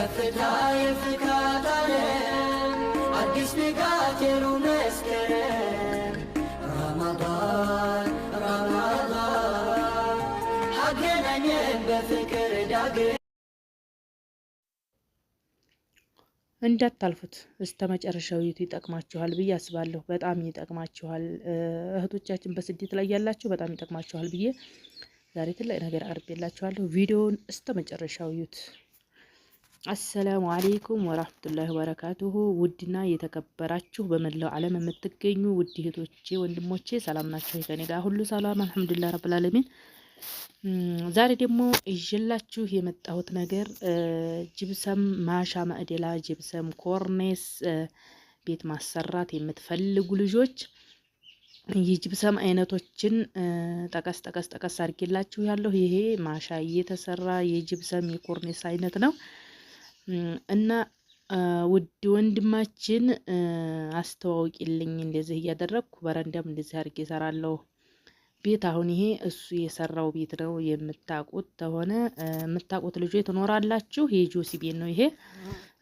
ከፍታ የፍካት ዓለም አዲስ ንጋት መስከረም አገናኘን በፍቅር ዳግም። እንዳታልፉት እስከ መጨረሻው ይጠቅማችኋል ብዬ አስባለሁ። በጣም ይጠቅማችኋል እህቶቻችን፣ በስደት ላይ ያላችሁ በጣም ይጠቅማችኋል ብዬ ዛሬ ትልቅ ነገር አቅርቤላችኋለሁ። ቪዲዮውን እስከ መጨረሻው አሰላሙ አሌይኩም ወራህመቱላሂ ወበረካቱሁ። ውድና የተከበራችሁ በመላው ዓለም የምትገኙ ውድ እህቶቼ ወንድሞቼ፣ ሰላም ናቸው? ከኔ ጋር ሁሉ ሰላም አልሐምዱሊላህ ረብል ዓለሚን። ዛሬ ደግሞ ይዤላችሁ የመጣሁት ነገር ጅብሰም ማሻ ማዕደላ፣ ጅብሰም ኮርኔስ ቤት ማሰራት የምትፈልጉ ልጆች የጅብሰም አይነቶችን ጠቀስ ጠቀስ ጠቀስ አድርጌላችሁ ያለሁ። ይሄ ማሻ እየተሰራ የጅብሰም የኮርኔስ አይነት ነው። እና ውድ ወንድማችን አስተዋውቂልኝ እንደዚህ እያደረግኩ በረንዳም እንደዚህ አድርጌ እሰራለሁ ቤት። አሁን ይሄ እሱ የሰራው ቤት ነው። የምታቁት ከሆነ የምታቁት ልጆ ትኖራላችሁ። የጆሲ ቤት ነው ይሄ፣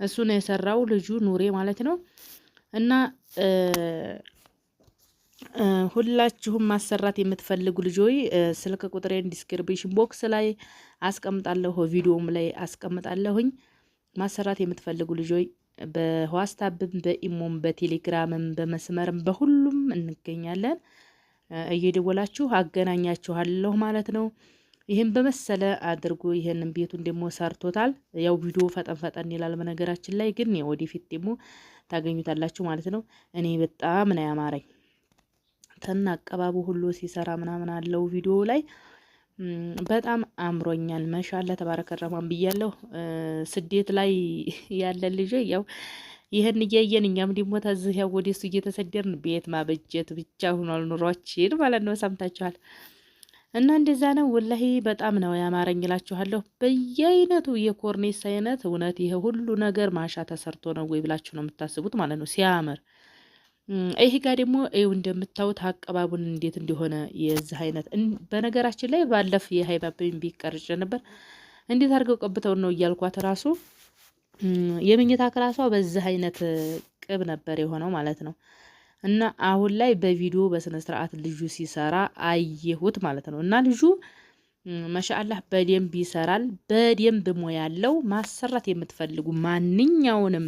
እሱ ነው የሰራው ልጁ ኑሬ ማለት ነው። እና ሁላችሁም ማሰራት የምትፈልጉ ልጆች ስልክ ቁጥሬን ዲስክሪፕሽን ቦክስ ላይ አስቀምጣለሁ፣ ቪዲዮም ላይ አስቀምጣለሁኝ። ማሰራት የምትፈልጉ ልጆች በዋትስአፕም በኢሞም በቴሌግራምም በመስመርም በሁሉም እንገኛለን። እየደወላችሁ አገናኛችኋለሁ ማለት ነው። ይህም በመሰለ አድርጎ ይህንን ቤቱን ደግሞ ሰርቶታል። ያው ቪዲዮ ፈጠን ፈጠን ይላል። በነገራችን ላይ ግን ወደፊት ደግሞ ታገኙታላችሁ ማለት ነው። እኔ በጣም ነው ያማረኝ። ተና አቀባቡ ሁሉ ሲሰራ ምናምን አለው ቪዲዮ ላይ በጣም አምሮኛል። መሻላ ተባረከ ረማን ብያለሁ። ስደት ላይ ያለ ልጅ ያው ይህን እያየን እኛም ደግሞ ተዝህ ያው ወደ እሱ እየተሰደርን ቤት ማበጀት ብቻ ሆኗል ኑሯችን ማለት ነው። ሰምታችኋል። እና እንደዛ ነው። ወላሂ በጣም ነው ያማረኝ እላችኋለሁ። በየአይነቱ የኮርኔስ አይነት እውነት ይሄ ሁሉ ነገር ማሻ ተሰርቶ ነው ወይ ብላችሁ ነው የምታስቡት ማለት ነው ሲያምር ይሄ ጋር ደግሞ ይኸው እንደምታዩት አቀባቡን እንዴት እንደሆነ የዚህ አይነት በነገራችን ላይ ባለፍ የሀይባብኝ ቢቀርጭ ነበር። እንዴት አድርገው ቀብተውን ነው እያልኳት ራሱ የመኝታ ክላሷ በዚህ አይነት ቅብ ነበር የሆነው ማለት ነው። እና አሁን ላይ በቪዲዮ በስነ ስርዓት ልጁ ሲሰራ አየሁት ማለት ነው። እና ልጁ ማሻአላህ በደንብ ይሰራል። በደንብ ሞያለው። ማሰራት የምትፈልጉ ማንኛውንም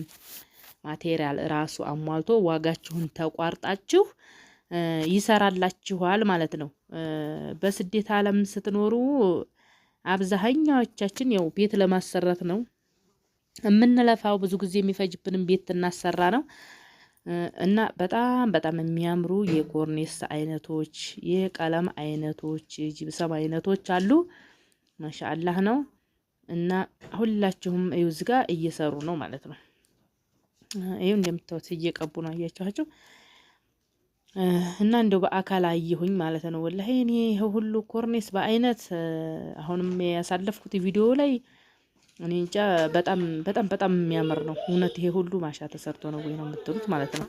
ማቴሪያል ራሱ አሟልቶ ዋጋችሁን ተቋርጣችሁ ይሰራላችኋል ማለት ነው። በስደት ዓለም ስትኖሩ አብዛኛዎቻችን ያው ቤት ለማሰራት ነው የምንለፋው። ብዙ ጊዜ የሚፈጅብንም ቤት እናሰራ ነው እና በጣም በጣም የሚያምሩ የኮርኔስ አይነቶች፣ የቀለም አይነቶች፣ የጅብሰም አይነቶች አሉ። ማሻአላህ ነው እና ሁላችሁም እዩ፣ እዚጋ እየሰሩ ነው ማለት ነው። ይኸው እንደምታዩት እየቀቡ ነው አያችኋቸው። እና እንደው በአካል አየሁኝ ማለት ነው። ወላሂ እኔ ሁሉ ኮርኔስ በአይነት አሁንም ያሳለፍኩት ቪዲዮ ላይ እኔ እንጃ በጣም በጣም በጣም የሚያምር ነው እውነት። ይሄ ሁሉ ማሻ ተሰርቶ ነው ወይ ነው የምትሉት ማለት ነው።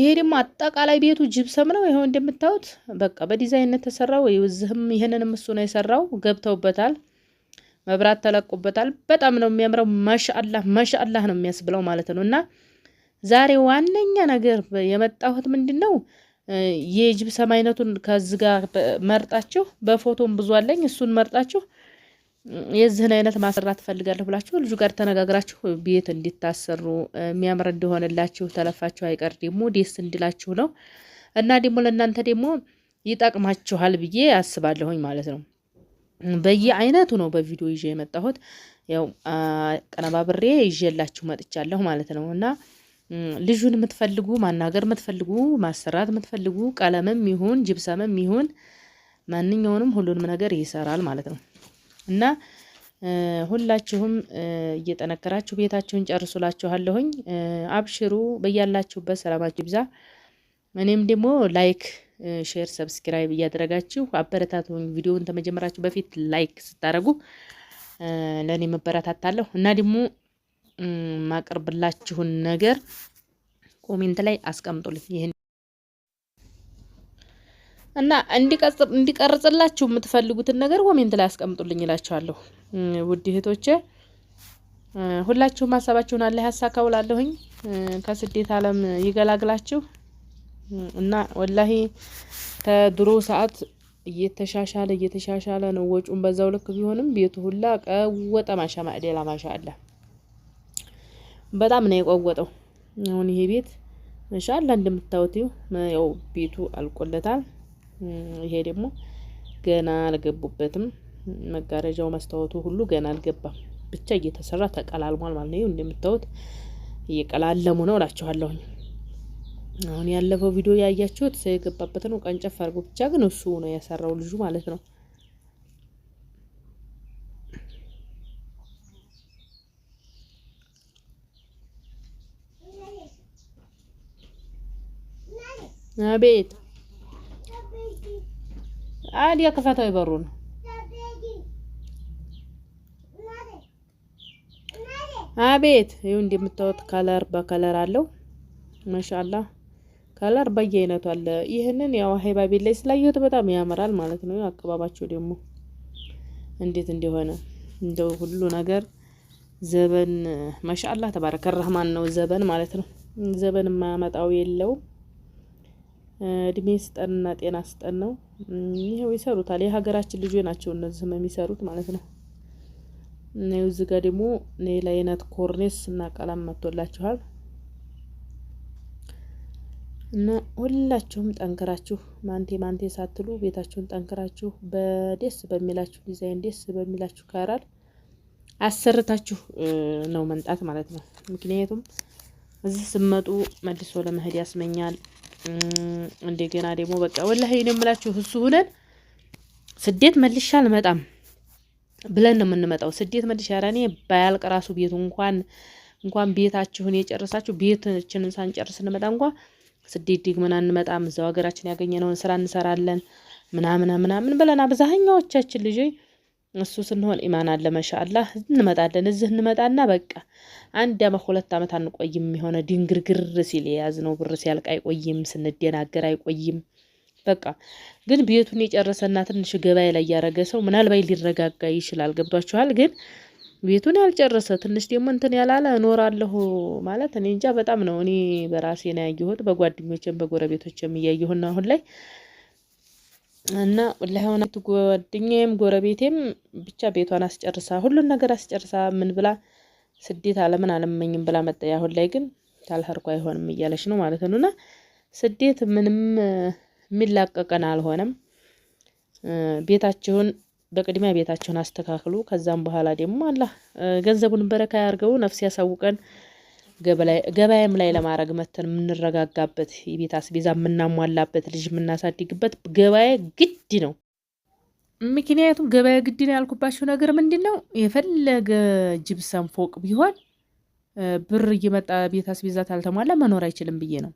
ይሄ ደግሞ አጠቃላይ ቤቱ ጅብሰም ነው። ይኸው እንደምታዩት በቃ በዲዛይን ተሰራው። ይኸው እዚህም ይሄንንም እሱ ነው የሰራው ገብተውበታል። መብራት ተለቁበታል። በጣም ነው የሚያምረው። ማሻአላህ ማሻአላህ ነው የሚያስብለው ማለት ነው። እና ዛሬ ዋነኛ ነገር የመጣሁት ምንድን ነው የጅብሰም አይነቱን ከዚህ ጋር መርጣችሁ በፎቶም ብዙ አለኝ እሱን መርጣችሁ የዚህን አይነት ማሰራት ትፈልጋለሁ ብላችሁ ልጁ ጋር ተነጋግራችሁ ቤት እንዲታሰሩ የሚያምር እንዲሆንላችሁ ተለፋችሁ አይቀር ደግሞ ደስ እንዲላችሁ ነው እና ደግሞ ለእናንተ ደግሞ ይጠቅማችኋል ብዬ አስባለሁኝ ማለት ነው። በየአይነቱ ነው በቪዲዮ ይዤ የመጣሁት። ያው ቀነባብሬ ይዤላችሁ መጥቻለሁ ማለት ነው እና ልጁን የምትፈልጉ ማናገር የምትፈልጉ ማሰራት የምትፈልጉ ቀለምም ይሁን ጅብሰምም ይሁን ማንኛውንም ሁሉንም ነገር ይሰራል ማለት ነው እና ሁላችሁም እየጠነከራችሁ ቤታችሁን ጨርሱላችኋለሁኝ። አብሽሩ፣ በያላችሁበት ሰላማችሁ ይብዛ። እኔም ደግሞ ላይክ ሼር፣ ሰብስክራይብ እያደረጋችሁ አበረታቱን። ቪዲዮውን ተመጀመራችሁ በፊት ላይክ ስታደርጉ ለእኔ መበረታታለሁ እና ደግሞ ማቀርብላችሁን ነገር ኮሜንት ላይ አስቀምጡልኝ። ይሄን እና እንዲቀርጽላችሁ የምትፈልጉትን ነገር ኮሜንት ላይ አስቀምጡልኝ እላችኋለሁ። ውድ እህቶቼ ሁላችሁም ሀሳባችሁን አለ ያሳካውላለሁኝ። ከስደት ዓለም ይገላግላችሁ። እና ወላሂ ከድሮ ሰዓት እየተሻሻለ እየተሻሻለ ነው። ወጪውን በዛው ልክ ቢሆንም ቤቱ ሁላ ቀወጠ። ማሻ ማዕዴላ ማሻ አላ በጣም ነው የቆወጠው። አሁን ይሄ ቤት ማሻ አላ እንደምታዩት ያው ቤቱ አልቆለታል። ይሄ ደግሞ ገና አልገቡበትም። መጋረጃው መስታወቱ ሁሉ ገና አልገባም። ብቻ እየተሰራ ተቀላልሟል ማለት ነው። እንደምታዩት እየቀላለሙ ነው እላችኋለሁኝ። አሁን ያለፈው ቪዲዮ ያያችሁት ሰው የገባበት ነው። ቀንጨፍ አድርጎ ብቻ ግን እሱ ነው ያሰራው ልጁ ማለት ነው። አቤት አዲያ ከፈታው ይበሩ ነው አቤት ይኸው እንደምታዩት ከለር በከለር አለው ማሻአላህ ከለር በየአይነቱ አለ። ይህንን ያው ሀይባ ላይ ስላየሁት በጣም ያምራል ማለት ነው። አቀባባቸው ደግሞ እንዴት እንደሆነ እንደው ሁሉ ነገር ዘበን ማሻአላህ ተባረከ ረህማን ነው ዘበን ማለት ነው። ዘበን የማያመጣው የለውም። እድሜ ስጠንና ጤና ስጠን ነው። ይሄው ይሰሩታል። የሀገራችን ልጆ ናቸው እነዚህ የሚሰሩት ማለት ነው። እዚህ ጋ ደግሞ ሌላ አይነት ኮርኔስ እና ቀለም መጥቶላችኋል። እና ሁላችሁም ጠንክራችሁ ማንቴ ማንቴ ሳትሉ ቤታችሁን ጠንክራችሁ በደስ በሚላችሁ ዲዛይን ደስ በሚላችሁ ካራል አሰርታችሁ ነው መምጣት ማለት ነው። ምክንያቱም እዚህ ስመጡ መልሶ ለመሄድ ያስመኛል። እንደገና ደግሞ በቃ ወላሂ ነው የምላችሁ እሱ ሁነን ስደት መልሻ አልመጣም ብለን ነው የምንመጣው። ስደት መልሻ ያራኔ ባያልቅ ራሱ ቤቱ እንኳን እንኳን ቤታችሁን የጨርሳችሁ ቤታችንን ሳንጨርስ እንመጣ እንኳን ስደት ደግመን አንመጣም፣ እዛው ሀገራችን ያገኘነውን ስራ እንሰራለን ምናምን ምናምን ብለን አብዛኛዎቻችን ልጅ እሱ ስንሆን ኢማን አለ መሻአላ እንመጣለን። እዚህ እንመጣና በቃ አንድ አመት ሁለት አመት አንቆይም። የሆነ ድንግርግር ሲል የያዝነው ብር ሲያልቅ አይቆይም፣ ስንደናገር አይቆይም። በቃ ግን ቤቱን የጨረሰና ትንሽ ገበያ ላይ ያረገ ሰው ምናልባት ሊረጋጋ ይችላል። ገብቷችኋል ግን ቤቱን ያልጨረሰ ትንሽ ደግሞ እንትን ያላለ እኖራለሁ ማለት እኔ እንጃ በጣም ነው። እኔ በራሴ ነው ያየሁት፣ በጓደኞቼም በጎረቤቶቼም እያየሁና አሁን ላይ እና ለሆነ ጓደኛዬም ጎረቤቴም ብቻ ቤቷን አስጨርሳ ሁሉን ነገር አስጨርሳ ምን ብላ ስደት አለምን አለመኝም ብላ መጣ። አሁን ላይ ግን ታልሀርኩ አይሆንም እያለች ነው ማለት ነው። እና ስደት ምንም የሚላቀቀን አልሆነም። ቤታችሁን በቅድሚያ ቤታቸውን አስተካክሉ። ከዛም በኋላ ደግሞ አላህ ገንዘቡን በረካ ያርገው፣ ነፍስ ያሳውቀን። ገበያም ላይ ለማድረግ መተን የምንረጋጋበት የቤት አስቤዛ የምናሟላበት ልጅ የምናሳድግበት ገበያ ግድ ነው። ምክንያቱም ገበያ ግድ ነው ያልኩባቸው ነገር ምንድን ነው? የፈለገ ጅብሰም ፎቅ ቢሆን ብር እየመጣ ቤት አስቤዛ አልተሟላ መኖር አይችልም ብዬ ነው።